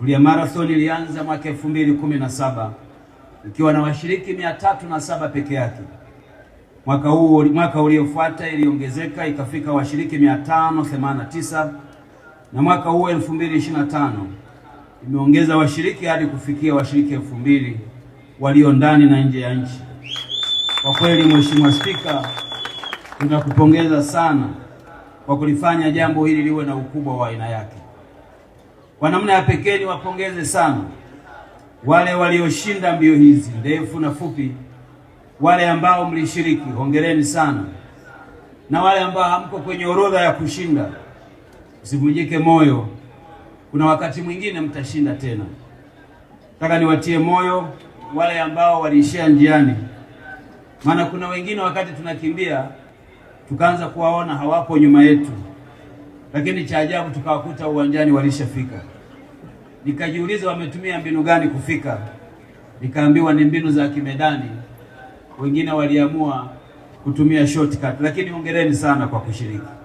Tulia Marathon ilianza mwaka elfu mbili kumi na saba ikiwa na washiriki mia tatu na saba peke yake. Mwaka huu mwaka uliofuata iliongezeka ikafika washiriki 589 na mwaka huu 2025 imeongeza washiriki hadi kufikia washiriki elfu mbili walio ndani na nje ya nchi. Kwa kweli, Mheshimiwa Spika, tunakupongeza sana kwa kulifanya jambo hili liwe na ukubwa wa aina yake. Kwa namna ya pekee niwapongeze sana wale walioshinda mbio hizi ndefu na fupi. Wale ambao mlishiriki, hongereni sana, na wale ambao hamko kwenye orodha ya kushinda, msivunjike moyo. Kuna wakati mwingine mtashinda tena. Nataka niwatie moyo wale ambao waliishia njiani, maana kuna wengine wakati tunakimbia tukaanza kuwaona hawapo nyuma yetu lakini cha ajabu tukawakuta uwanjani walishafika. Nikajiuliza wametumia mbinu gani kufika, nikaambiwa ni mbinu za kimedani. Wengine waliamua kutumia shortcut, lakini hongereni sana kwa kushiriki.